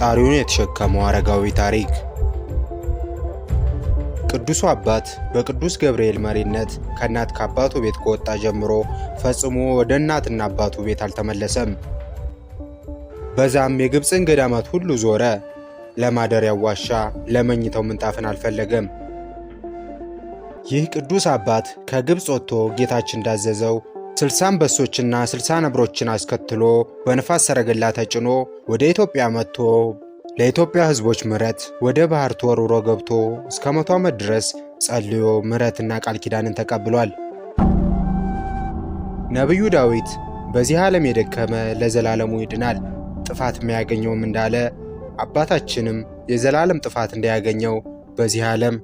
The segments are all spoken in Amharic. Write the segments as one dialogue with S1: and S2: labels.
S1: ፈጣሪውን የተሸከመው አረጋዊ ታሪክ። ቅዱሱ አባት በቅዱስ ገብርኤል መሪነት ከእናት ከአባቱ ቤት ከወጣ ጀምሮ ፈጽሞ ወደ እናትና አባቱ ቤት አልተመለሰም። በዛም የግብፅን ገዳማት ሁሉ ዞረ። ለማደሪያው ዋሻ፣ ለመኝተው ምንጣፍን አልፈለገም። ይህ ቅዱስ አባት ከግብፅ ወጥቶ ጌታችን እንዳዘዘው ስልሳ አንበሶችና ስልሳ ነብሮችን አስከትሎ በንፋስ ሰረገላ ተጭኖ ወደ ኢትዮጵያ መጥቶ ለኢትዮጵያ ሕዝቦች ምረት ወደ ባህር ተወርውሮ ገብቶ እስከ መቶ ዓመት ድረስ ጸልዮ ምረትና ቃል ኪዳንን ተቀብሏል። ነቢዩ ዳዊት በዚህ ዓለም የደከመ ለዘላለሙ ይድናል ጥፋት የማያገኘውም እንዳለ አባታችንም የዘላለም ጥፋት እንዳያገኘው በዚህ ዓለም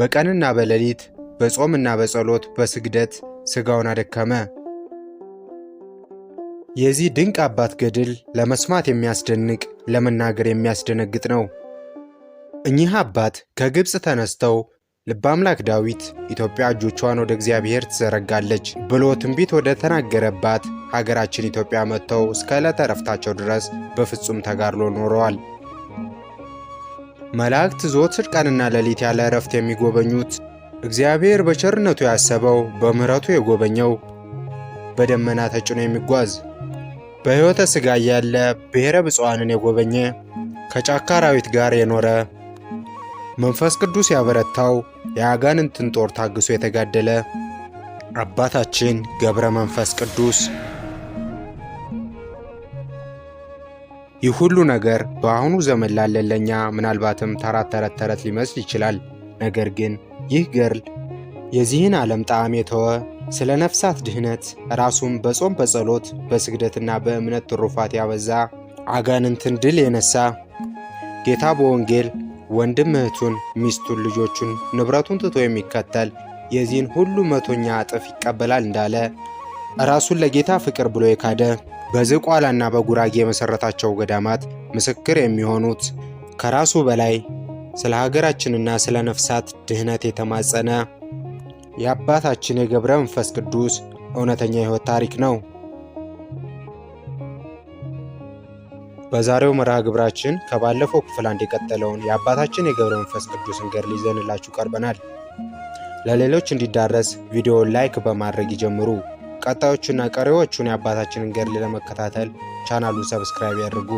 S1: በቀንና በሌሊት በጾምና በጸሎት በስግደት ስጋውን አደከመ። የዚህ ድንቅ አባት ገድል ለመስማት የሚያስደንቅ ለመናገር የሚያስደነግጥ ነው። እኚህ አባት ከግብፅ ተነስተው ልበ አምላክ ዳዊት ኢትዮጵያ እጆቿን ወደ እግዚአብሔር ትዘረጋለች ብሎ ትንቢት ወደ ተናገረባት ሀገራችን ኢትዮጵያ መጥተው እስከ ዕለተ ረፍታቸው ድረስ በፍጹም ተጋድሎ ኖረዋል። መላእክት ዘወትር ቀንና ሌሊት ያለ እረፍት የሚጎበኙት እግዚአብሔር በቸርነቱ ያሰበው በምሕረቱ የጎበኘው በደመና ተጭኖ የሚጓዝ በሕይወተ ሥጋ እያለ ብሔረ ብፁዓንን የጎበኘ ከጫካ አራዊት ጋር የኖረ መንፈስ ቅዱስ ያበረታው የአጋንንትን ጦር ታግሶ የተጋደለ አባታችን ገብረ መንፈስ ቅዱስ ይህ ሁሉ ነገር በአሁኑ ዘመን ላለን ለእኛ ምናልባትም ተራት ተረት ተረት ሊመስል ይችላል። ነገር ግን ይህ ገርል የዚህን ዓለም ጣዕም የተወ ስለ ነፍሳት ድህነት ራሱን በጾም በጸሎት በስግደትና በእምነት ትሩፋት ያበዛ አጋንንትን ድል የነሳ ጌታ በወንጌል ወንድም እህቱን፣ ሚስቱን፣ ልጆቹን፣ ንብረቱን ትቶ የሚከተል የዚህን ሁሉ መቶኛ እጥፍ ይቀበላል እንዳለ ራሱን ለጌታ ፍቅር ብሎ የካደ በዝቋላና በጉራጌ የመሠረታቸው ገዳማት ምስክር የሚሆኑት ከራሱ በላይ ስለ ሀገራችንና ስለ ነፍሳት ድህነት የተማጸነ የአባታችን የገብረ መንፈስ ቅዱስ እውነተኛ የሕይወት ታሪክ ነው። በዛሬው መርሃ ግብራችን ከባለፈው ክፍል አንድ የቀጠለውን የአባታችን የገብረ መንፈስ ቅዱስን ገድል ይዘንላችሁ ቀርበናል። ለሌሎች እንዲዳረስ ቪዲዮውን ላይክ በማድረግ ይጀምሩ። ቀጣዮቹና ቀሪዎቹን የአባታችንን ገድል ለመከታተል ቻናሉን ሰብስክራይብ ያድርጉ።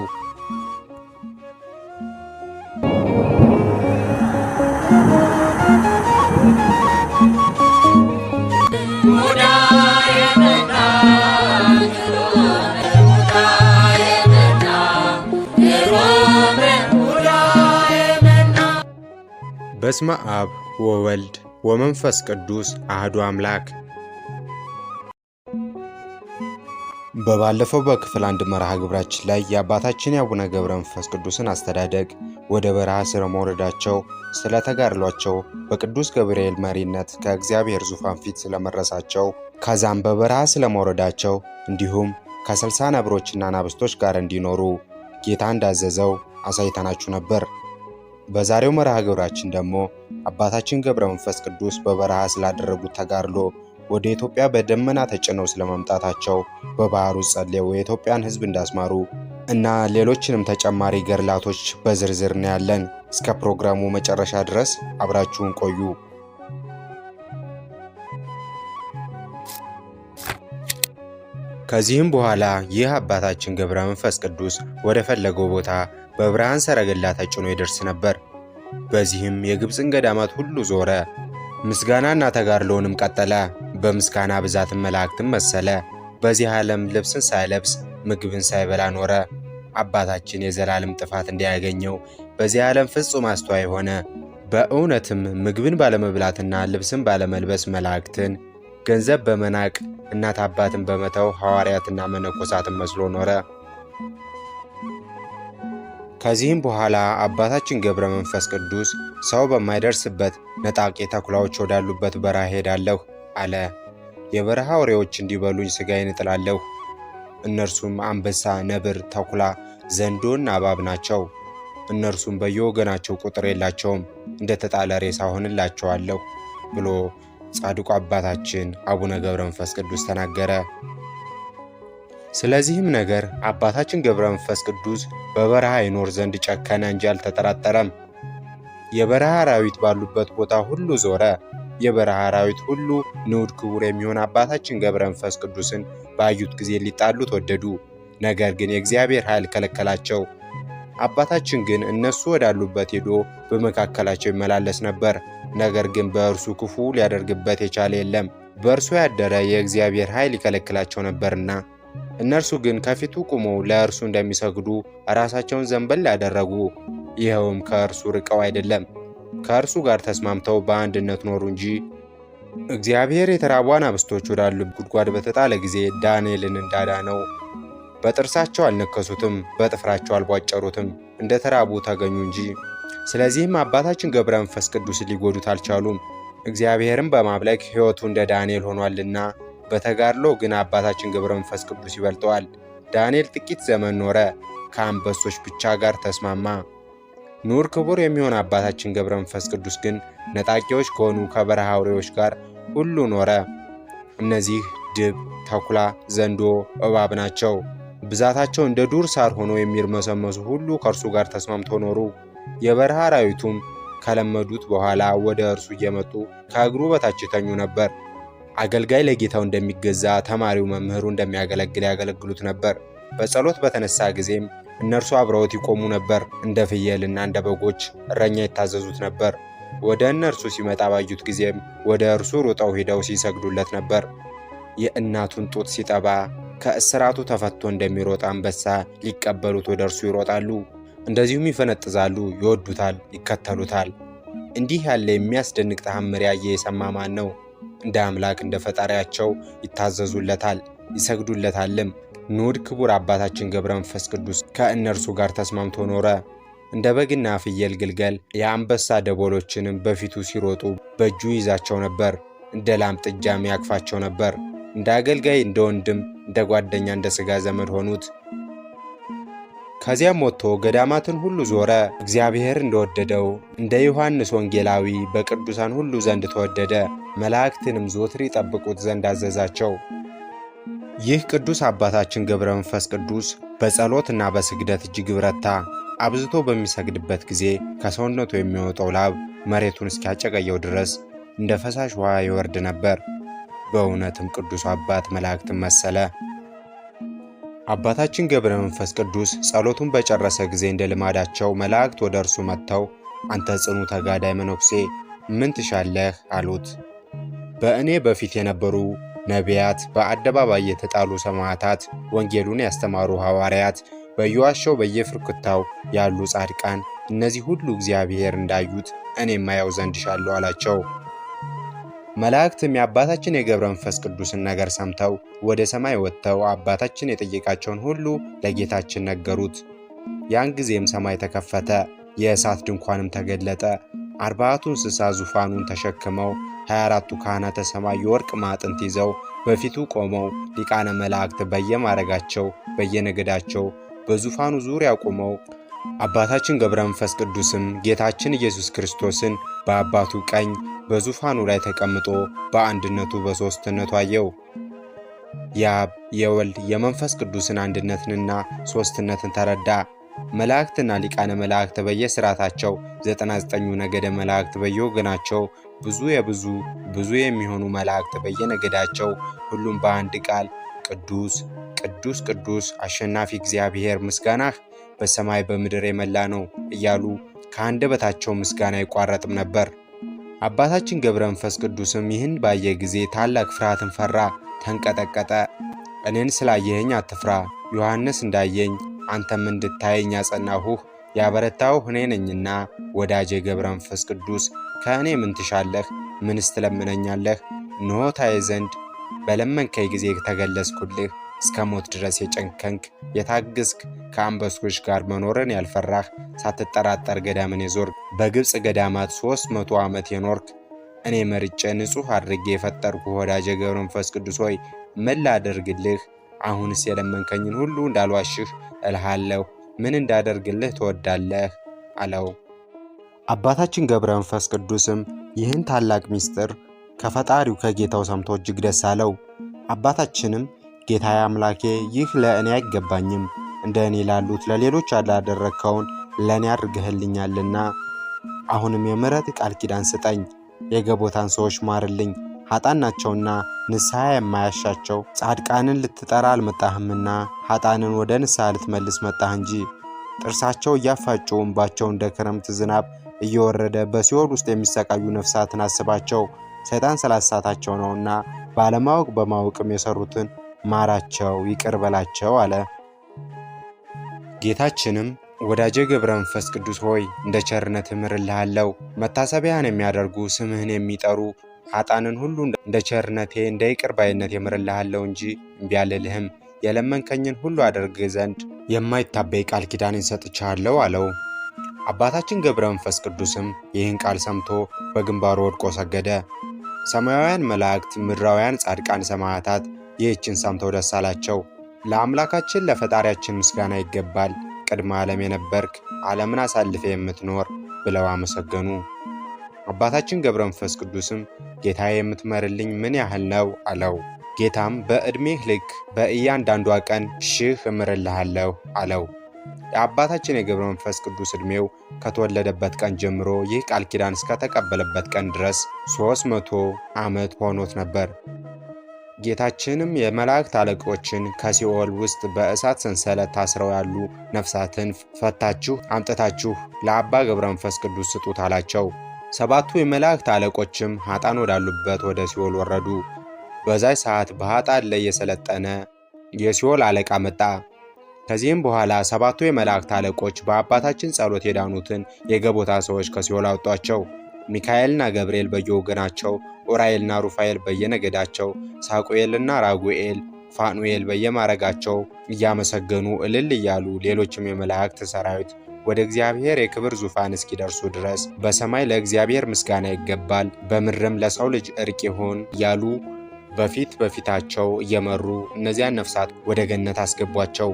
S1: በስመ አብ ወወልድ ወመንፈስ ቅዱስ አህዱ አምላክ። በባለፈው በክፍል አንድ መርሃ ግብራችን ላይ የአባታችን የአቡነ ገብረ መንፈስ ቅዱስን አስተዳደግ፣ ወደ በረሃ ስረ መውረዳቸው፣ ስለ በቅዱስ ገብርኤል መሪነት ከእግዚአብሔር ዙፋን ፊት ስለመረሳቸው፣ ከዛም በበረሃ ስለመውረዳቸው እንዲሁም ከስልሳ ነብሮችና ናብስቶች ጋር እንዲኖሩ ጌታ እንዳዘዘው አሳይተናችሁ ነበር። በዛሬው መርሃ ግብራችን ደግሞ አባታችን ገብረ መንፈስ ቅዱስ በበረሃ ስላደረጉት ተጋድሎ ወደ ኢትዮጵያ በደመና ተጭነው ስለመምጣታቸው በባህሩ ጸልየው የኢትዮጵያን ሕዝብ እንዳስማሩ እና ሌሎችንም ተጨማሪ ገድላቶች በዝርዝር እናያለን። እስከ ፕሮግራሙ መጨረሻ ድረስ አብራችሁን ቆዩ። ከዚህም በኋላ ይህ አባታችን ገብረ መንፈስ ቅዱስ ወደ ፈለገው ቦታ በብርሃን ሰረገላ ተጭኖ ይደርስ ነበር። በዚህም የግብፅን ገዳማት ሁሉ ዞረ። ምስጋናና ተጋድሎውንም ቀጠለ። በምስጋና ብዛትም መላእክትም መሰለ። በዚህ ዓለም ልብስን ሳይለብስ ምግብን ሳይበላ ኖረ። አባታችን የዘላለም ጥፋት እንዳያገኘው በዚህ ዓለም ፍጹም አስተዋይ ሆነ። በእውነትም ምግብን ባለመብላትና ልብስን ባለመልበስ መላእክትን፣ ገንዘብ በመናቅ እናት አባትን በመተው ሐዋርያትና መነኮሳትን መስሎ ኖረ። ከዚህም በኋላ አባታችን ገብረ መንፈስ ቅዱስ ሰው በማይደርስበት ነጣቂ ተኩላዎች ወዳሉበት በረሃ ሄዳለሁ አለ። የበረሃ ወሬዎች እንዲበሉኝ ሥጋዬን እጥላለሁ። እነርሱም አንበሳ፣ ነብር፣ ተኩላ፣ ዘንዶና እባብ ናቸው። እነርሱም በየወገናቸው ቁጥር የላቸውም፣ እንደ ተጣለ ሬሳ ሆንላቸዋለሁ ብሎ ጻድቁ አባታችን አቡነ ገብረ መንፈስ ቅዱስ ተናገረ። ስለዚህም ነገር አባታችን ገብረ መንፈስ ቅዱስ በበረሃ ይኖር ዘንድ ጨከነ እንጂ አልተጠራጠረም። የበረሃ አራዊት ባሉበት ቦታ ሁሉ ዞረ። የበረሃ አራዊት ሁሉ ንዑድ ክቡር የሚሆን አባታችን ገብረ መንፈስ ቅዱስን ባዩት ጊዜ ሊጣሉት ወደዱ። ነገር ግን የእግዚአብሔር ኃይል ከለከላቸው። አባታችን ግን እነሱ ወዳሉበት ሄዶ በመካከላቸው ይመላለስ ነበር። ነገር ግን በእርሱ ክፉ ሊያደርግበት የቻለ የለም፣ በእርሱ ያደረ የእግዚአብሔር ኃይል ይከለክላቸው ነበርና። እነርሱ ግን ከፊቱ ቁመው ለእርሱ እንደሚሰግዱ ራሳቸውን ዘንበል ያደረጉ። ይኸውም ከእርሱ ርቀው አይደለም ከእርሱ ጋር ተስማምተው በአንድነት ኖሩ እንጂ። እግዚአብሔር የተራቡ አናብስቶች ወዳሉ ጉድጓድ በተጣለ ጊዜ ዳንኤልን እንዳዳነው በጥርሳቸው አልነከሱትም፣ በጥፍራቸው አልቧጨሩትም፣ እንደ ተራቡ ተገኙ እንጂ። ስለዚህም አባታችን ገብረ መንፈስ ቅዱስ ሊጎዱት አልቻሉም። እግዚአብሔርም በማብለክ ሕይወቱ እንደ ዳንኤል ሆኗልና በተጋድሎ ግን አባታችን ገብረ መንፈስ ቅዱስ ይበልጠዋል። ዳንኤል ጥቂት ዘመን ኖረ፣ ከአንበሶች ብቻ ጋር ተስማማ። ኑር ክቡር የሚሆን አባታችን ገብረ መንፈስ ቅዱስ ግን ነጣቂዎች ከሆኑ ከበረሃ አውሬዎች ጋር ሁሉ ኖረ። እነዚህ ድብ፣ ተኩላ፣ ዘንዶ፣ እባብ ናቸው። ብዛታቸው እንደ ዱር ሳር ሆኖ የሚርመሰመሱ ሁሉ ከእርሱ ጋር ተስማምቶ ኖሩ። የበረሃ አራዊቱም ከለመዱት በኋላ ወደ እርሱ እየመጡ ከእግሩ በታች ይተኙ ነበር። አገልጋይ ለጌታው እንደሚገዛ ተማሪው መምህሩ እንደሚያገለግል ያገለግሉት ነበር። በጸሎት በተነሳ ጊዜም እነርሱ አብረውት ይቆሙ ነበር። እንደ ፍየልና እንደ በጎች እረኛ ይታዘዙት ነበር። ወደ እነርሱ ሲመጣ ባዩት ጊዜም ወደ እርሱ ሩጠው ሂደው ሲሰግዱለት ነበር። የእናቱን ጡት ሲጠባ ከእስራቱ ተፈቶ እንደሚሮጥ አንበሳ ሊቀበሉት ወደ እርሱ ይሮጣሉ። እንደዚሁም ይፈነጥዛሉ፣ ይወዱታል፣ ይከተሉታል። እንዲህ ያለ የሚያስደንቅ ተአምር ያየ የሰማ ማን ነው? እንደ አምላክ እንደ ፈጣሪያቸው ይታዘዙለታል፣ ይሰግዱለታልም። ንዑድ ክቡር አባታችን ገብረ መንፈስ ቅዱስ ከእነርሱ ጋር ተስማምቶ ኖረ። እንደ በግና ፍየል ግልገል፣ የአንበሳ ደቦሎችንም በፊቱ ሲሮጡ በእጁ ይዛቸው ነበር። እንደ ላም ጥጃም ያቅፋቸው ነበር። እንደ አገልጋይ፣ እንደ ወንድም፣ እንደ ጓደኛ፣ እንደ ሥጋ ዘመድ ሆኑት። ከዚያም ወጥቶ ገዳማትን ሁሉ ዞረ። እግዚአብሔር እንደወደደው እንደ ዮሐንስ ወንጌላዊ በቅዱሳን ሁሉ ዘንድ ተወደደ። መላእክትንም ዞትር ይጠብቁት ዘንድ አዘዛቸው። ይህ ቅዱስ አባታችን ገብረ መንፈስ ቅዱስ በጸሎትና በስግደት እጅግ ብረታ። አብዝቶ በሚሰግድበት ጊዜ ከሰውነቱ የሚወጣው ላብ መሬቱን እስኪያጨቀየው ድረስ እንደ ፈሳሽ ውሃ ይወርድ ነበር። በእውነትም ቅዱሱ አባት መላእክትን መሰለ። አባታችን ገብረ መንፈስ ቅዱስ ጸሎቱን በጨረሰ ጊዜ እንደ ልማዳቸው መላእክት ወደ እርሱ መጥተው አንተ ጽኑ ተጋዳይ መነኩሴ ምን ትሻለህ? አሉት። በእኔ በፊት የነበሩ ነቢያት፣ በአደባባይ የተጣሉ ሰማዕታት፣ ወንጌሉን ያስተማሩ ሐዋርያት፣ በየዋሻው በየፍርክታው ያሉ ጻድቃን፣ እነዚህ ሁሉ እግዚአብሔር እንዳዩት እኔም አየው ዘንድ እሻለሁ አላቸው። መላእክትም የአባታችን የገብረ መንፈስ ቅዱስን ነገር ሰምተው ወደ ሰማይ ወጥተው አባታችን የጠየቃቸውን ሁሉ ለጌታችን ነገሩት። ያን ጊዜም ሰማይ ተከፈተ፣ የእሳት ድንኳንም ተገለጠ። አርባቱ እንስሳ ዙፋኑን ተሸክመው 24ቱ ካህናተ ሰማይ የወርቅ ማዕጠንት ይዘው በፊቱ ቆመው ሊቃነ መላእክት በየማረጋቸው በየነገዳቸው በዙፋኑ ዙሪያ ቆመው አባታችን ገብረ መንፈስ ቅዱስም ጌታችን ኢየሱስ ክርስቶስን በአባቱ ቀኝ በዙፋኑ ላይ ተቀምጦ በአንድነቱ በሦስትነቱ አየው። የአብ የወልድ የመንፈስ ቅዱስን አንድነትንና ሦስትነትን ተረዳ። መላእክትና ሊቃነ መላእክት በየሥርዓታቸው ዘጠና ዘጠኙ ነገደ መላእክት በየወገናቸው ብዙ የብዙ ብዙ የሚሆኑ መላእክት በየነገዳቸው ሁሉም በአንድ ቃል ቅዱስ ቅዱስ ቅዱስ አሸናፊ እግዚአብሔር ምስጋናህ በሰማይ በምድር የመላ ነው እያሉ ከአንደበታቸው ምስጋና አይቋረጥም ነበር። አባታችን ገብረ መንፈስ ቅዱስም ይህን ባየ ጊዜ ታላቅ ፍርሃትን ፈራ፣ ተንቀጠቀጠ። እኔን ስላየኸኝ አትፍራ፣ ዮሐንስ እንዳየኝ አንተም እንድታየኝ ያጸናሁህ ያበረታሁህ እኔ ነኝና፣ ወዳጄ ገብረ መንፈስ ቅዱስ ከእኔ ምን ትሻለህ? ምንስ ትለምነኛለህ? እንሆ ታየ ዘንድ በለመንከይ ጊዜ ተገለጽኩልህ እስከ ሞት ድረስ የጨንከንክ የታግስክ ከአንበሶች ጋር መኖርን ያልፈራህ ሳትጠራጠር ገዳምን የዞርክ በግብፅ ገዳማት ሶስት መቶ ዓመት የኖርክ እኔ መርጬ ንጹሕ አድርጌ የፈጠርኩ ወዳጄ ገብረ መንፈስ ቅዱስ ሆይ ምን ላደርግልህ? አሁንስ የለመንከኝን ሁሉ እንዳልዋሽህ እልሃለሁ። ምን እንዳደርግልህ ትወዳለህ? አለው። አባታችን ገብረ መንፈስ ቅዱስም ይህን ታላቅ ምስጢር ከፈጣሪው ከጌታው ሰምቶ እጅግ ደስ አለው። አባታችንም ጌታዬ አምላኬ ይህ ለእኔ አይገባኝም፣ እንደ እኔ ላሉት ለሌሎች አላደረግከውን ለእኔ አድርገህልኛልና አሁንም የምሕረት ቃል ኪዳን ስጠኝ። የገቦታን ሰዎች ማርልኝ፣ ኃጣን ናቸውና ንስሐ የማያሻቸው ጻድቃንን ልትጠራ አልመጣህምና ኃጣንን ወደ ንስሐ ልትመልስ መጣህ እንጂ። ጥርሳቸው እያፋጩ እንባቸው እንደ ክረምት ዝናብ እየወረደ በሲኦል ውስጥ የሚሰቃዩ ነፍሳትን አስባቸው። ሰይጣን ስላሳታቸው ነውና ባለማወቅ በማወቅም የሰሩትን ማራቸው፣ ይቅር በላቸው አለ። ጌታችንም ወዳጄ ገብረ መንፈስ ቅዱስ ሆይ እንደ ቸርነት እምርልሃለሁ መታሰቢያን የሚያደርጉ ስምህን የሚጠሩ ኃጣንን ሁሉ እንደ ቸርነቴ እንደ ይቅር ባይነት የምርልሃለሁ እንጂ እምቢ አልልህም። የለመንከኝን ሁሉ አደርግህ ዘንድ የማይታበይ ቃል ኪዳን ሰጥቻለሁ አለው። አባታችን ገብረ መንፈስ ቅዱስም ይህን ቃል ሰምቶ በግንባሩ ወድቆ ሰገደ። ሰማያውያን መላእክት፣ ምድራውያን ጻድቃን ሰማዕታት ይህችን ሰምተው ደስ አላቸው። ለአምላካችን ለፈጣሪያችን ምስጋና ይገባል፣ ቅድመ ዓለም የነበርክ ዓለምን አሳልፈ የምትኖር ብለው አመሰገኑ። አባታችን ገብረ መንፈስ ቅዱስም ጌታ የምትመርልኝ ምን ያህል ነው አለው። ጌታም በዕድሜህ ልክ በእያንዳንዷ ቀን ሺህ እምርልሃለሁ አለው። የአባታችን የገብረ መንፈስ ቅዱስ ዕድሜው ከተወለደበት ቀን ጀምሮ ይህ ቃል ኪዳን እስከተቀበለበት ቀን ድረስ ሦስት መቶ ዓመት ሆኖት ነበር። ጌታችንም የመላእክት አለቆችን ከሲኦል ውስጥ በእሳት ሰንሰለት ታስረው ያሉ ነፍሳትን ፈታችሁ አምጥታችሁ ለአባ ገብረ መንፈስ ቅዱስ ስጡት አላቸው። ሰባቱ የመላእክት አለቆችም ሀጣን ወዳሉበት ወደ ሲኦል ወረዱ። በዛይ ሰዓት በሀጣን ላይ የሰለጠነ የሲኦል አለቃ መጣ። ከዚህም በኋላ ሰባቱ የመላእክት አለቆች በአባታችን ጸሎት የዳኑትን የገቦታ ሰዎች ከሲኦል አወጧቸው። ሚካኤልና ገብርኤል በየወገናቸው፣ ኡራኤልና ሩፋኤል በየነገዳቸው፣ ሳቁኤልና ራጉኤል ፋኑኤል በየማረጋቸው እያመሰገኑ እልል እያሉ ሌሎችም የመላእክት ሰራዊት ወደ እግዚአብሔር የክብር ዙፋን እስኪደርሱ ድረስ በሰማይ ለእግዚአብሔር ምስጋና ይገባል፣ በምድርም ለሰው ልጅ እርቅ ይሁን እያሉ በፊት በፊታቸው እየመሩ እነዚያን ነፍሳት ወደ ገነት አስገቧቸው።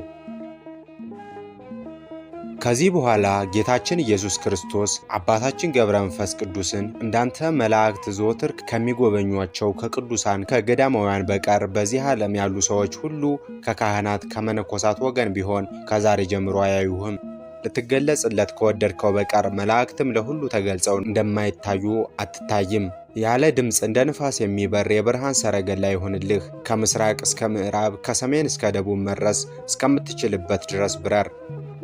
S1: ከዚህ በኋላ ጌታችን ኢየሱስ ክርስቶስ አባታችን ገብረ መንፈስ ቅዱስን እንዳንተ መላእክት ዘወትር ከሚጎበኟቸው ከቅዱሳን ከገዳማውያን በቀር በዚህ ዓለም ያሉ ሰዎች ሁሉ ከካህናት ከመነኮሳት ወገን ቢሆን ከዛሬ ጀምሮ አያዩህም። ልትገለጽለት ከወደድከው በቀር መላእክትም ለሁሉ ተገልጸው እንደማይታዩ አትታይም። ያለ ድምፅ እንደ ንፋስ የሚበር የብርሃን ሰረገላ ይሁንልህ። ከምስራቅ እስከ ምዕራብ ከሰሜን እስከ ደቡብ መድረስ እስከምትችልበት ድረስ ብረር።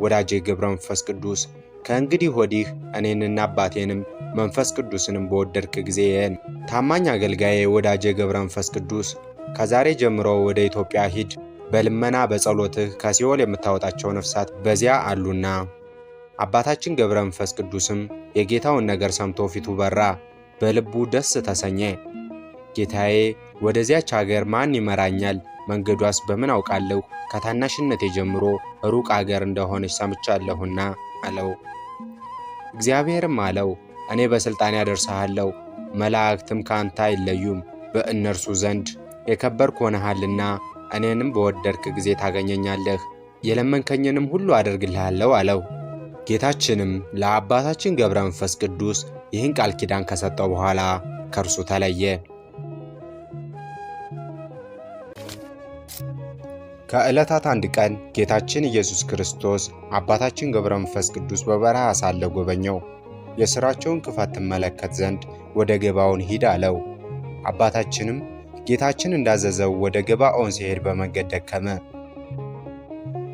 S1: ወዳጄ ገብረ መንፈስ ቅዱስ ከእንግዲህ ወዲህ እኔንና አባቴንም መንፈስ ቅዱስንም በወደድክ ጊዜን ታማኝ አገልጋዬ ወዳጄ ገብረ መንፈስ ቅዱስ ከዛሬ ጀምሮ ወደ ኢትዮጵያ ሂድ፣ በልመና በጸሎትህ ከሲኦል የምታወጣቸው ነፍሳት በዚያ አሉና። አባታችን ገብረ መንፈስ ቅዱስም የጌታውን ነገር ሰምቶ ፊቱ በራ፣ በልቡ ደስ ተሰኘ። ጌታዬ ወደዚያች አገር ማን ይመራኛል? መንገዷስ በምን አውቃለሁ? ከታናሽነቴ ጀምሮ ሩቅ አገር እንደሆነች ሰምቻለሁና አለው። እግዚአብሔርም አለው እኔ በሥልጣን ያደርስሃለሁ፣ መላእክትም ካንተ አይለዩም፣ በእነርሱ ዘንድ የከበርክ ሆነሃልና እኔንም በወደድክ ጊዜ ታገኘኛለህ፣ የለመንከኝንም ሁሉ አደርግልሃለሁ አለው። ጌታችንም ለአባታችን ገብረ መንፈስ ቅዱስ ይህን ቃል ኪዳን ከሰጠው በኋላ ከእርሱ ተለየ። ከዕለታት አንድ ቀን ጌታችን ኢየሱስ ክርስቶስ አባታችን ገብረ መንፈስ ቅዱስ በበረሃ ሳለ ጎበኘው። የሥራቸውን ክፋት ትመለከት ዘንድ ወደ ገባዖን ሂድ አለው። አባታችንም ጌታችን እንዳዘዘው ወደ ገባዖን ሲሄድ በመንገድ ደከመ።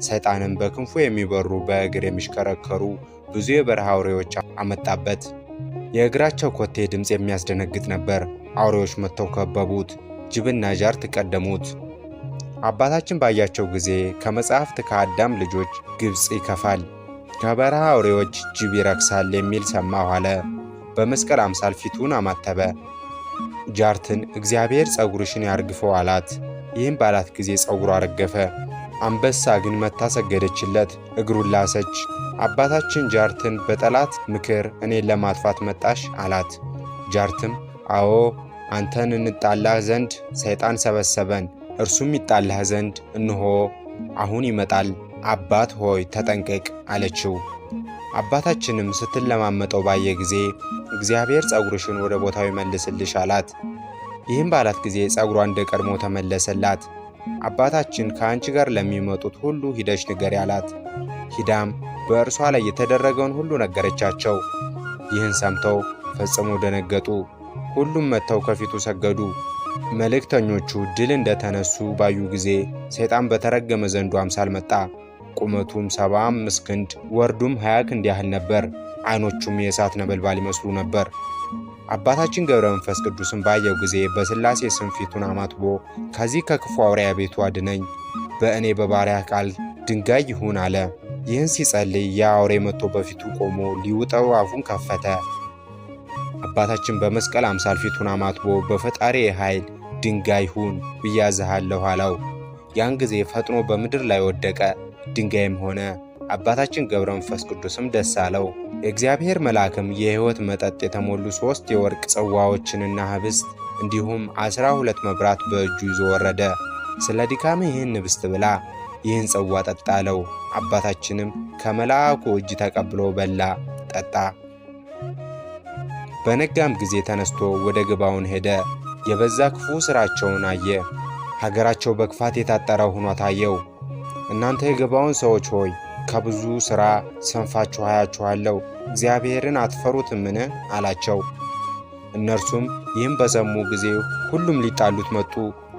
S1: ሰይጣንም በክንፉ የሚበሩ በእግር የሚሽከረከሩ ብዙ የበረሃ አውሬዎች አመጣበት። የእግራቸው ኮቴ ድምፅ የሚያስደነግጥ ነበር። አውሬዎች መጥተው ከበቡት። ጅብና ጃርት ቀደሙት። አባታችን ባያቸው ጊዜ ከመጽሐፍት ከአዳም ልጆች ግብፅ ይከፋል፣ ከበረሃ አውሬዎች ጅብ ይረክሳል የሚል ሰማሁ አለ። በመስቀል አምሳል ፊቱን አማተበ። ጃርትን እግዚአብሔር ጸጉርሽን ያርግፈው አላት። ይህም ባላት ጊዜ ጸጉሯ አረገፈ። አንበሳ ግን መታ ሰገደችለት፣ እግሩን ላሰች። አባታችን ጃርትን በጠላት ምክር እኔን ለማጥፋት መጣሽ አላት። ጃርትም አዎ አንተን እንጣላህ ዘንድ ሰይጣን ሰበሰበን እርሱም ይጣልህ ዘንድ እንሆ አሁን ይመጣል፣ አባት ሆይ ተጠንቀቅ አለችው። አባታችንም ስትለማመጠው ባየ ጊዜ እግዚአብሔር ጸጉርሽን ወደ ቦታው ይመልስልሽ አላት። ይህም ባላት ጊዜ ጸጉሯ እንደ ቀድሞ ተመለሰላት። አባታችን ከአንቺ ጋር ለሚመጡት ሁሉ ሂደሽ ንገሪ አላት። ሂዳም በእርሷ ላይ የተደረገውን ሁሉ ነገረቻቸው። ይህን ሰምተው ፈጽሞ ደነገጡ። ሁሉም መጥተው ከፊቱ ሰገዱ። መልእክተኞቹ ድል እንደተነሱ ባዩ ጊዜ ሰይጣን በተረገመ ዘንዱ አምሳል መጣ። ቁመቱም ሰባ ክንድ ወርዱም 20 ክንድ ያህል ነበር። አይኖቹም የእሳት ነበልባል ይመስሉ ነበር። አባታችን ገብረ መንፈስ ቅዱስን ባየው ጊዜ በስላሴ ስም ፊቱን አማትቦ ከዚህ ከክፉ አውሪያ ቤቱ አድነኝ፣ በእኔ በባሪያ ቃል ድንጋይ ይሁን አለ። ይህን ሲጸልይ ያ አውሬ መጥቶ በፊቱ ቆሞ ሊውጠው አፉን ከፈተ። አባታችን በመስቀል አምሳል ፊቱን አማትቦ በፈጣሪ ኃይል ድንጋይ ሁን ብያዝሃለሁ አለው። ያን ጊዜ ፈጥኖ በምድር ላይ ወደቀ፣ ድንጋይም ሆነ። አባታችን ገብረ መንፈስ ቅዱስም ደስ አለው። የእግዚአብሔር መልአክም የሕይወት መጠጥ የተሞሉ ሦስት የወርቅ ጽዋዎችንና ህብስት እንዲሁም አስራ ሁለት መብራት በእጁ ይዞ ወረደ። ስለ ድካም ይህን ህብስት ብላ፣ ይህን ጽዋ ጠጣ አለው። አባታችንም ከመልአኩ እጅ ተቀብሎ በላ፣ ጠጣ። በነጋም ጊዜ ተነስቶ ወደ ግባውን ሄደ። የበዛ ክፉ ሥራቸውን አየ። ሀገራቸው በክፋት የታጠረ ሆኖ ታየው። እናንተ የግባውን ሰዎች ሆይ ከብዙ ሥራ ሰንፋችሁ አያችኋለሁ፣ እግዚአብሔርን አትፈሩትምን? አላቸው። እነርሱም ይህም በሰሙ ጊዜ ሁሉም ሊጣሉት መጡ።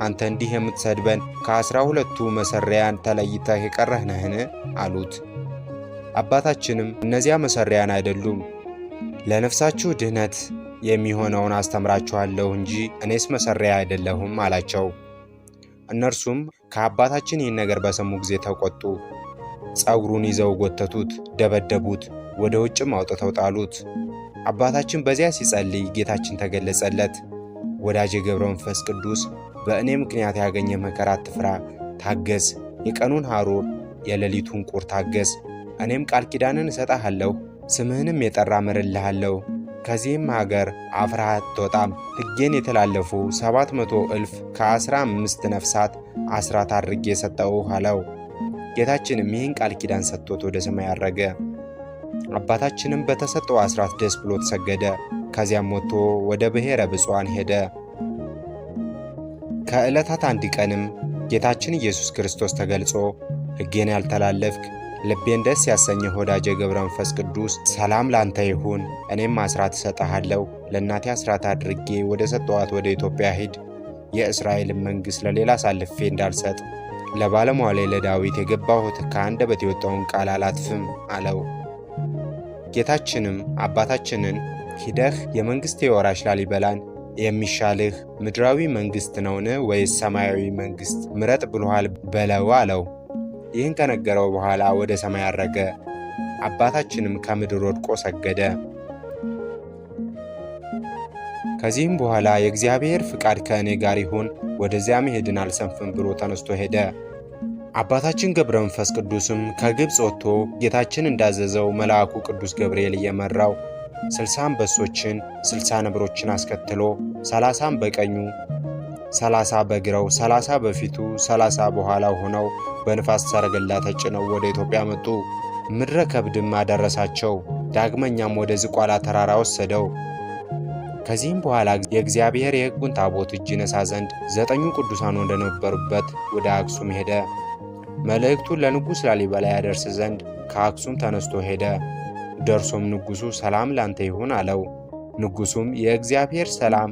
S1: አንተ እንዲህ የምትሰድበን ከአስራ ሁለቱ መሰሪያን ተለይተህ የቀረህ ነህን? አሉት። አባታችንም እነዚያ መሰሪያን አይደሉም ለነፍሳችሁ ድህነት የሚሆነውን አስተምራችኋለሁ እንጂ እኔስ መሰሪያ አይደለሁም አላቸው። እነርሱም ከአባታችን ይህን ነገር በሰሙ ጊዜ ተቆጡ። ጸጉሩን ይዘው ጎተቱት፣ ደበደቡት፣ ወደ ውጭም አውጥተው ጣሉት። አባታችን በዚያ ሲጸልይ ጌታችን ተገለጸለት። ወዳጅ የገብረ መንፈስ ቅዱስ በእኔ ምክንያት ያገኘ መከራ አትፍራ፣ ታገስ። የቀኑን ሐሩር የሌሊቱን ቁር ታገስ። እኔም ቃል ኪዳንን እሰጥሃለሁ ስምህንም የጠራ ምርልሃለሁ። ከዚህም ሀገር አፍረህ አትወጣም። ሕጌን የተላለፉ ሰባት መቶ እልፍ ከአስራ አምስት ነፍሳት አስራት አድርጌ ሰጠው አለው። ጌታችንም ይህን ቃል ኪዳን ሰጥቶት ወደ ሰማይ አረገ። አባታችንም በተሰጠው አስራት ደስ ብሎ ተሰገደ ከዚያም ወጥቶ ወደ ብሔረ ብፁዓን ሄደ። ከዕለታት አንድ ቀንም ጌታችን ኢየሱስ ክርስቶስ ተገልጾ ሕጌን ያልተላለፍክ ልቤን ደስ ያሰኘህ ወዳጄ ገብረ መንፈስ ቅዱስ ሰላም ላንተ ይሁን። እኔም አስራት እሰጥሃለሁ። ለእናቴ አስራት አድርጌ ወደ ሰጠዋት ወደ ኢትዮጵያ ሂድ። የእስራኤልን መንግሥት ለሌላ አሳልፌ እንዳልሰጥ ላይ ለዳዊት የገባሁት በት የወጣውን ቃል አላትፍም አለው። ጌታችንም አባታችንን ሂደህ የመንግሥት ወራሽ ላሊበላን የሚሻልህ ምድራዊ መንግሥት ነውን ወይስ ሰማያዊ መንግሥት ምረጥ ብሎሃል በለው አለው። ይህን ከነገረው በኋላ ወደ ሰማይ አረገ። አባታችንም ከምድር ወድቆ ሰገደ። ከዚህም በኋላ የእግዚአብሔር ፍቃድ ከእኔ ጋር ይሁን፣ ወደዚያ መሄድን አልሰንፍም ብሎ ተነስቶ ሄደ። አባታችን ገብረ መንፈስ ቅዱስም ከግብፅ ወጥቶ ጌታችን እንዳዘዘው መልአኩ ቅዱስ ገብርኤል እየመራው ስልሳ አንበሶችን ስልሳ ነብሮችን አስከትሎ ሰላሳም በቀኙ ሰላሳ በግረው ሰላሳ በፊቱ ሰላሳ በኋላ ሆነው በንፋስ ሰረገላ ተጭነው ወደ ኢትዮጵያ መጡ። ምድረ ከብድም አደረሳቸው። ዳግመኛም ወደ ዝቋላ ተራራ ወሰደው። ከዚህም በኋላ የእግዚአብሔር የሕጉን ታቦት እጅ ነሳ ዘንድ ዘጠኙ ቅዱሳን ወደነበሩበት ወደ አክሱም ሄደ። መልእክቱን ለንጉሥ ላሊበላ ያደርስ ዘንድ ከአክሱም ተነስቶ ሄደ። ደርሶም ንጉሡ ሰላም ላንተ ይሁን አለው። ንጉሡም የእግዚአብሔር ሰላም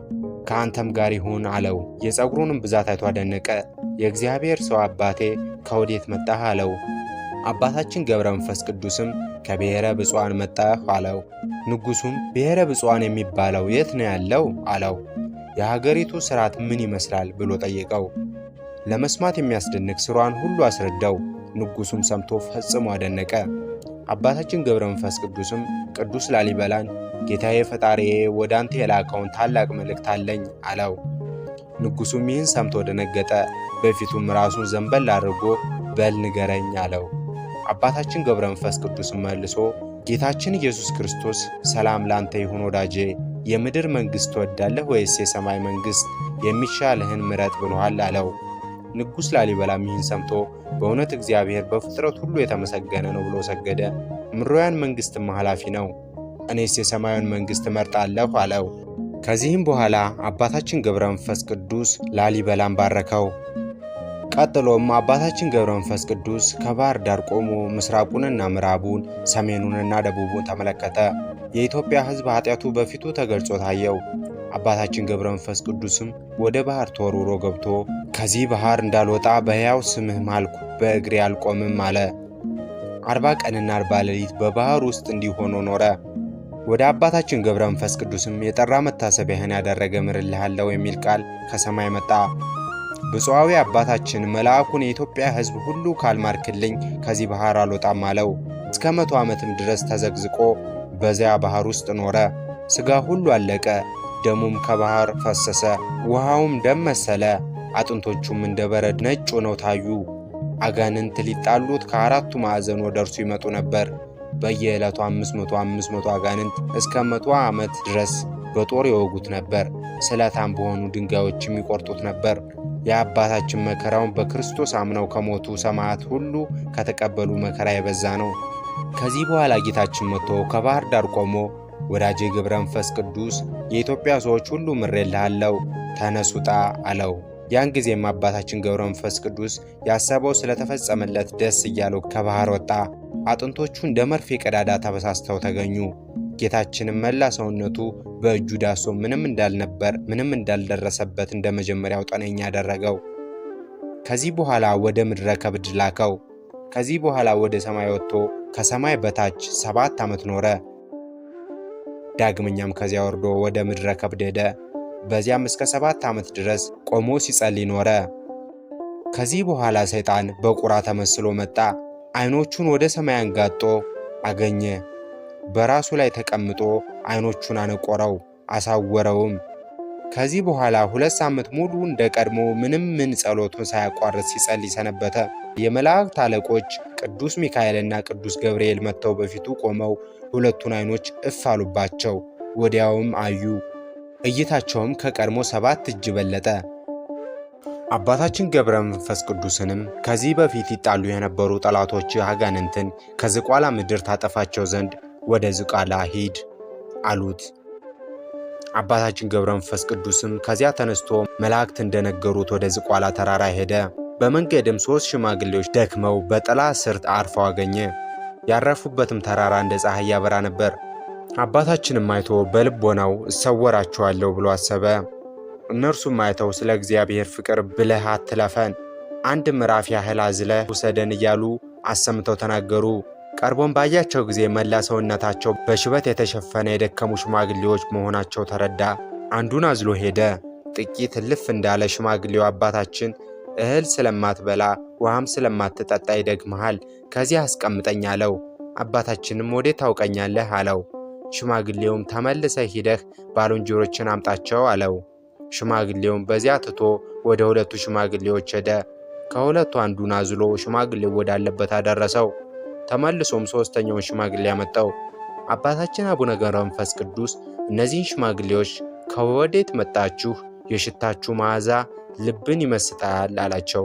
S1: ከአንተም ጋር ይሁን አለው። የፀጉሩንም ብዛት አይቶ አደነቀ። የእግዚአብሔር ሰው አባቴ ከወዴት መጣህ አለው። አባታችን ገብረ መንፈስ ቅዱስም ከብሔረ ብፁዓን መጣህ አለው። ንጉሱም ብሔረ ብፁዓን የሚባለው የት ነው ያለው አለው። የሀገሪቱ ስርዓት ምን ይመስላል ብሎ ጠየቀው። ለመስማት የሚያስደንቅ ስሯን ሁሉ አስረዳው። ንጉሱም ሰምቶ ፈጽሞ አደነቀ። አባታችን ገብረ መንፈስ ቅዱስም ቅዱስ ላሊበላን ጌታዬ ፈጣሪዬ ወደ አንተ የላከውን ታላቅ መልእክት አለኝ አለው። ንጉሱም ይህን ሰምቶ ደነገጠ። በፊቱም ራሱን ዘንበል አድርጎ በል ንገረኝ አለው። አባታችን ገብረ መንፈስ ቅዱስም መልሶ ጌታችን ኢየሱስ ክርስቶስ ሰላም ላንተ ይሁን ወዳጄ፣ የምድር መንግሥት ትወዳለህ ወይስ የሰማይ መንግሥት? የሚሻልህን ምረጥ ብሎሃል አለው። ንጉሥ ላሊበላም ይህን ሰምቶ በእውነት እግዚአብሔር በፍጥረት ሁሉ የተመሰገነ ነው ብሎ ሰገደ። ምሮያን መንግሥትም ኃላፊ ነው፣ እኔስ የሰማዩን መንግሥት እመርጣለሁ አለው። ከዚህም በኋላ አባታችን ገብረ መንፈስ ቅዱስ ላሊበላን ባረከው። ቀጥሎም አባታችን ገብረ መንፈስ ቅዱስ ከባህር ዳር ቆሞ ምስራቁንና ምዕራቡን ሰሜኑንና ደቡቡን ተመለከተ። የኢትዮጵያ ሕዝብ ኃጢአቱ በፊቱ ተገልጾ ታየው። አባታችን ገብረ መንፈስ ቅዱስም ወደ ባህር ተወርውሮ ገብቶ ከዚህ ባህር እንዳልወጣ በሕያው ስምህ ማልኩ፣ በእግሬ አልቆምም አለ። አርባ ቀንና አርባ ሌሊት በባህር ውስጥ እንዲሆኖ ኖረ። ወደ አባታችን ገብረ መንፈስ ቅዱስም የጠራ መታሰቢያህን ያደረገ ምርልሃለው የሚል ቃል ከሰማይ መጣ። ብፁዓዊ አባታችን መልአኩን የኢትዮጵያ ሕዝብ ሁሉ ካልማርክልኝ ከዚህ ባህር አልወጣም አለው። እስከ መቶ ዓመትም ድረስ ተዘግዝቆ በዚያ ባህር ውስጥ ኖረ። ሥጋ ሁሉ አለቀ፣ ደሙም ከባህር ፈሰሰ፣ ውሃውም ደም መሰለ። አጥንቶቹም እንደ በረድ ነጭ ሆነው ታዩ። አጋንንት ሊጣሉት ከአራቱ ማዕዘን ወደ እርሱ ይመጡ ነበር። በየዕለቱ 500 500 አጋንንት እስከ መቶ ዓመት ድረስ በጦር ይወጉት ነበር። ስለታም በሆኑ ድንጋዮችም ይቆርጡት ነበር። የአባታችን መከራውን በክርስቶስ አምነው ከሞቱ ሰማዕት ሁሉ ከተቀበሉ መከራ የበዛ ነው። ከዚህ በኋላ ጌታችን መጥቶ ከባህር ዳር ቆሞ ወዳጄ ገብረ መንፈስ ቅዱስ የኢትዮጵያ ሰዎች ሁሉ ምሬልሃለሁ ተነሱጣ አለው። ያን ጊዜም አባታችን ገብረ መንፈስ ቅዱስ ያሰበው ስለተፈጸመለት ደስ እያለው ከባህር ወጣ። አጥንቶቹ እንደ መርፌ ቀዳዳ ተበሳስተው ተገኙ። ጌታችንም መላ ሰውነቱ በእጁ ዳሶ ምንም እንዳልነበር ምንም እንዳልደረሰበት እንደ መጀመሪያው ጠነኛ አደረገው። ከዚህ በኋላ ወደ ምድረ ከብድ ላከው። ከዚህ በኋላ ወደ ሰማይ ወጥቶ ከሰማይ በታች ሰባት ዓመት ኖረ። ዳግመኛም ከዚያ ወርዶ ወደ ምድረ ከብድ ሄደ። በዚያም እስከ ሰባት ዓመት ድረስ ቆሞ ሲጸልይ ኖረ። ከዚህ በኋላ ሰይጣን በቁራ ተመስሎ መጣ። ዓይኖቹን ወደ ሰማይ አንጋጦ አገኘ። በራሱ ላይ ተቀምጦ ዓይኖቹን አነቆረው አሳወረውም። ከዚህ በኋላ ሁለት ሳምንት ሙሉ እንደ ቀድሞ ምንም ምን ጸሎቱን ሳያቋርጥ ሲጸልይ ሰነበተ። የመላእክት አለቆች ቅዱስ ሚካኤልና ቅዱስ ገብርኤል መጥተው በፊቱ ቆመው ሁለቱን ዓይኖች እፍ አሉባቸው። ወዲያውም አዩ። እይታቸውም ከቀድሞ ሰባት እጅ በለጠ። አባታችን ገብረ መንፈስ ቅዱስንም ከዚህ በፊት ይጣሉ የነበሩ ጠላቶች አጋንንትን ከዝቋላ ምድር ታጠፋቸው ዘንድ ወደ ዝቋላ ሂድ አሉት። አባታችን ገብረ መንፈስ ቅዱስም ከዚያ ተነስቶ መላእክት እንደነገሩት ወደ ዝቋላ ተራራ ሄደ። በመንገድም ሦስት ሽማግሌዎች ደክመው በጥላ ስር አርፈው አገኘ። ያረፉበትም ተራራ እንደ ፀሐይ ያበራ ነበር። አባታችንም አይቶ በልቦናው እሰወራችኋለሁ ብሎ አሰበ። እነርሱም አይተው ስለ እግዚአብሔር ፍቅር ብለህ አትለፈን፣ አንድ ምዕራፍ ያህል አዝለህ ውሰደን እያሉ አሰምተው ተናገሩ። ቀርቦም ባያቸው ጊዜ መላ ሰውነታቸው በሽበት የተሸፈነ የደከሙ ሽማግሌዎች መሆናቸው ተረዳ። አንዱን አዝሎ ሄደ። ጥቂት እልፍ እንዳለ ሽማግሌው አባታችን እህል ስለማትበላ ውሃም ስለማትጠጣ ይደግመሃል፣ ከዚህ አስቀምጠኝ አለው። አባታችንም ወዴት ታውቀኛለህ አለው። ሽማግሌውም ተመልሰ ሂደህ ባልንጀሮችን አምጣቸው አለው። ሽማግሌውም በዚያ ትቶ ወደ ሁለቱ ሽማግሌዎች ሄደ። ከሁለቱ አንዱን አዝሎ ሽማግሌው ወዳለበት አደረሰው። ተመልሶም ሶስተኛውን ሽማግሌ ያመጣው። አባታችን አቡነ ገብረ መንፈስ ቅዱስ እነዚህን ሽማግሌዎች ከወዴት መጣችሁ? የሽታችሁ መዓዛ ልብን ይመስጣል አላቸው።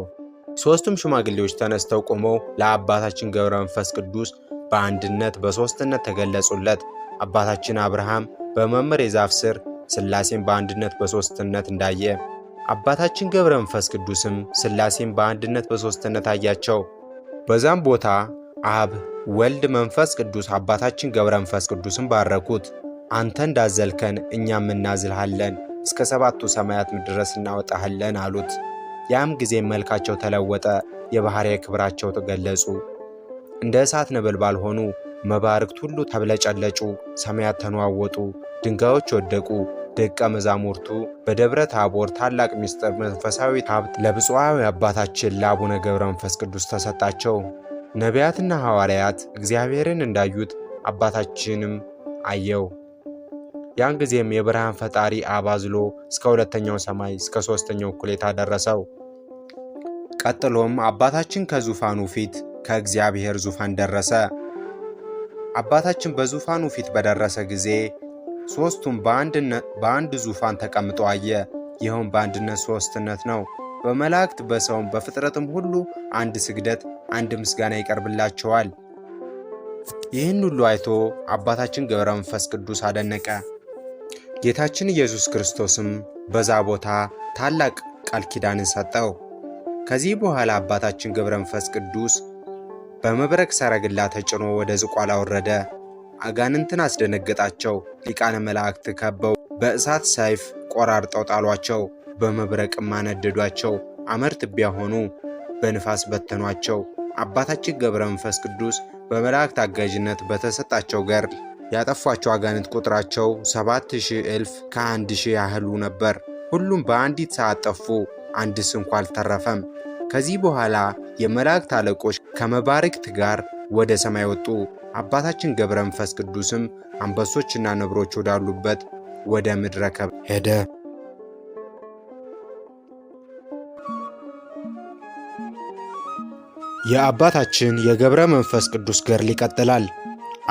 S1: ሶስቱም ሽማግሌዎች ተነስተው ቆመው ለአባታችን ገብረ መንፈስ ቅዱስ በአንድነት በሶስትነት ተገለጹለት። አባታችን አብርሃም በመምር የዛፍ ስር ስላሴን በአንድነት በሶስትነት እንዳየ አባታችን ገብረ መንፈስ ቅዱስም ስላሴን በአንድነት በሶስትነት አያቸው። በዛም ቦታ አብ ወልድ መንፈስ ቅዱስ አባታችን ገብረ መንፈስ ቅዱስን ባረኩት። አንተ እንዳዘልከን እኛም እናዝልሃለን እስከ ሰባቱ ሰማያት ድረስ እናወጣሃለን አሉት። ያም ጊዜ መልካቸው ተለወጠ፣ የባሕርይ ክብራቸው ተገለጹ። እንደ እሳት ነበልባል ሆኑ። መባርክት ሁሉ ተብለጨለጩ፣ ሰማያት ተነዋወጡ፣ ድንጋዮች ወደቁ። ደቀ መዛሙርቱ በደብረ ታቦር ታላቅ ምስጢር መንፈሳዊ ሀብት ለብፁዓዊ አባታችን ለአቡነ ገብረ መንፈስ ቅዱስ ተሰጣቸው። ነቢያትና ሐዋርያት እግዚአብሔርን እንዳዩት አባታችንም አየው። ያን ጊዜም የብርሃን ፈጣሪ አባዝሎ እስከ ሁለተኛው ሰማይ እስከ ሦስተኛው እኩሌታ ደረሰው። ቀጥሎም አባታችን ከዙፋኑ ፊት ከእግዚአብሔር ዙፋን ደረሰ። አባታችን በዙፋኑ ፊት በደረሰ ጊዜ ሦስቱም በአንድ ዙፋን ተቀምጦ አየ። ይኸውም በአንድነት ሦስትነት ነው። በመላእክት በሰውም በፍጥረትም ሁሉ አንድ ስግደት፣ አንድ ምስጋና ይቀርብላቸዋል። ይህን ሁሉ አይቶ አባታችን ገብረ መንፈስ ቅዱስ አደነቀ። ጌታችን ኢየሱስ ክርስቶስም በዛ ቦታ ታላቅ ቃል ኪዳንን ሰጠው። ከዚህ በኋላ አባታችን ገብረ መንፈስ ቅዱስ በመብረቅ ሰረግላ ተጭኖ ወደ ዝቋላ ወረደ። አጋንንትን አስደነገጣቸው። ሊቃነ መላእክት ከበው በእሳት ሰይፍ ቆራርጠው ጣሏቸው። በመብረቅ ማነደዷቸው አመር ትቢያ ሆኑ፣ በንፋስ በተኗቸው። አባታችን ገብረ መንፈስ ቅዱስ በመላእክት አጋዥነት በተሰጣቸው ገር ያጠፏቸው አጋንንት ቁጥራቸው 7000 ከ እልፍ ከአንድ ሺህ ያህሉ ነበር። ሁሉም በአንዲት ሰዓት ጠፉ፣ አንድስ እንኳ አልተረፈም። ከዚህ በኋላ የመላእክት አለቆች ከመባርክት ጋር ወደ ሰማይ ወጡ። አባታችን ገብረ መንፈስ ቅዱስም አንበሶችና ነብሮች ወዳሉበት ወደ ምድረ ከብድ ሄደ። የአባታችን የገብረ መንፈስ ቅዱስ ገድል ይቀጥላል።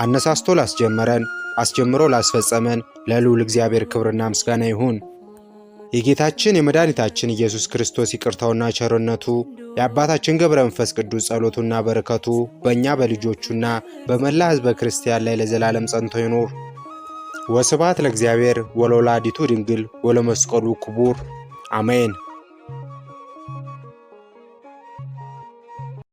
S1: አነሳስቶ ላስጀመረን አስጀምሮ ላስፈጸመን ለልዑል እግዚአብሔር ክብርና ምስጋና ይሁን። የጌታችን የመድኃኒታችን ኢየሱስ ክርስቶስ ይቅርታውና ቸርነቱ የአባታችን ገብረ መንፈስ ቅዱስ ጸሎቱና በረከቱ በእኛ በልጆቹና በመላ ሕዝበ ክርስቲያን ላይ ለዘላለም ጸንቶ ይኑር። ወስብሐት ለእግዚአብሔር ወለወላዲቱ ድንግል ወለመስቀሉ ክቡር አሜን።